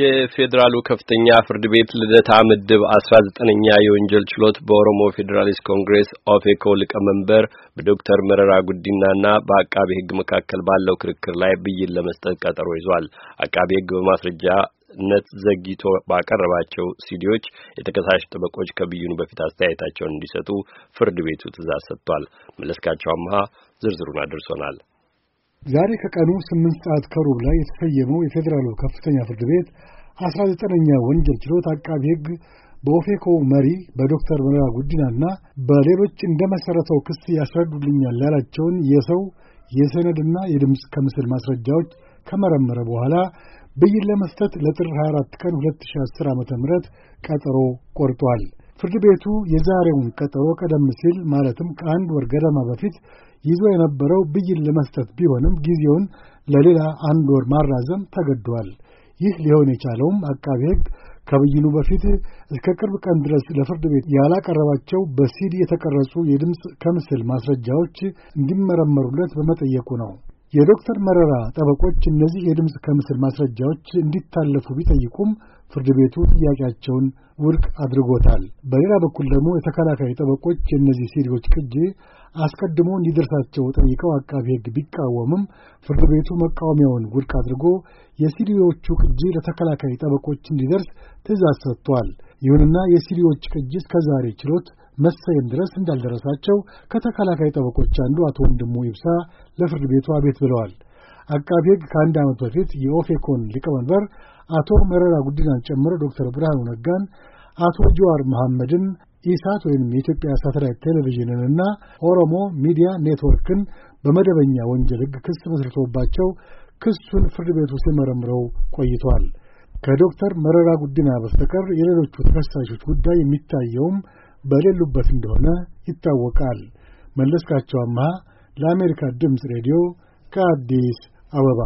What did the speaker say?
የፌዴራሉ ከፍተኛ ፍርድ ቤት ልደታ ምድብ 19ኛ የወንጀል ችሎት በኦሮሞ ፌዴራሊስት ኮንግሬስ ኦፌኮ ሊቀመንበር በዶክተር መረራ ጉዲናና በአቃቤ ሕግ መካከል ባለው ክርክር ላይ ብይን ለመስጠት ቀጠሮ ይዟል። አቃቤ ሕግ በማስረጃ ነት ዘግይቶ ባቀረባቸው ሲዲዎች የተከሳሽ ጠበቆች ከብይኑ በፊት አስተያየታቸውን እንዲሰጡ ፍርድ ቤቱ ትዛዝ ሰጥቷል። መለስካቸው አምሃ ዝርዝሩን አድርሶናል። ዛሬ ከቀኑ ስምንት ሰዓት ከሩብ ላይ የተሰየመው የፌዴራሉ ከፍተኛ ፍርድ ቤት አስራ ዘጠነኛ ወንጀል ችሎት አቃቢ ሕግ በኦፌኮ መሪ በዶክተር መረራ ጉዲናና በሌሎች መሠረተው ክስ ያስረዱልኛል ያላቸውን የሰው የሰነድና የድምፅ ከምስል ማስረጃዎች ከመረመረ በኋላ ብይን ለመስጠት ለጥር 24 ቀን 2010 ዓ ም ቀጠሮ ቆርጧል። ፍርድ ቤቱ የዛሬውን ቀጠሮ ቀደም ሲል ማለትም ከአንድ ወር ገደማ በፊት ይዞ የነበረው ብይን ለመስጠት ቢሆንም ጊዜውን ለሌላ አንድ ወር ማራዘም ተገዷል። ይህ ሊሆን የቻለውም አቃቢ ሕግ ከብይኑ በፊት እስከ ቅርብ ቀን ድረስ ለፍርድ ቤት ያላቀረባቸው በሲዲ የተቀረጹ የድምፅ ከምስል ማስረጃዎች እንዲመረመሩለት በመጠየቁ ነው። የዶክተር መረራ ጠበቆች እነዚህ የድምፅ ከምስል ማስረጃዎች እንዲታለፉ ቢጠይቁም ፍርድ ቤቱ ጥያቄያቸውን ውድቅ አድርጎታል። በሌላ በኩል ደግሞ የተከላካይ ጠበቆች የእነዚህ ሲዲዎች ቅጂ አስቀድሞ እንዲደርሳቸው ጠይቀው አቃቢ ሕግ ቢቃወምም ፍርድ ቤቱ መቃወሚያውን ውድቅ አድርጎ የሲዲዎቹ ቅጂ ለተከላካይ ጠበቆች እንዲደርስ ትእዛዝ ሰጥቷል። ይሁንና የሲዲዎች ቅጂ እስከዛሬ ችሎት መሰየም ድረስ እንዳልደረሳቸው ከተከላካይ ጠበቆች አንዱ አቶ ወንድሙ ይብሳ ለፍርድ ቤቱ አቤት ብለዋል። አቃቤ ሕግ ከአንድ ዓመት በፊት የኦፌኮን ሊቀመንበር አቶ መረራ ጉዲናን ጨምሮ ዶክተር ብርሃኑ ነጋን፣ አቶ ጀዋር መሐመድን፣ ኢሳት ወይም የኢትዮጵያ ሳተላይት ቴሌቪዥንንና ኦሮሞ ሚዲያ ኔትወርክን በመደበኛ ወንጀል ሕግ ክስ መስርቶባቸው ክሱን ፍርድ ቤቱ ሲመረምረው ቆይቷል። ከዶክተር መረራ ጉዲና በስተቀር የሌሎቹ ተከሳሾች ጉዳይ የሚታየውም በሌሉበት እንደሆነ ይታወቃል። መለስካቸው አምሃ ለአሜሪካ ድምፅ ሬዲዮ ከአዲስ አበባ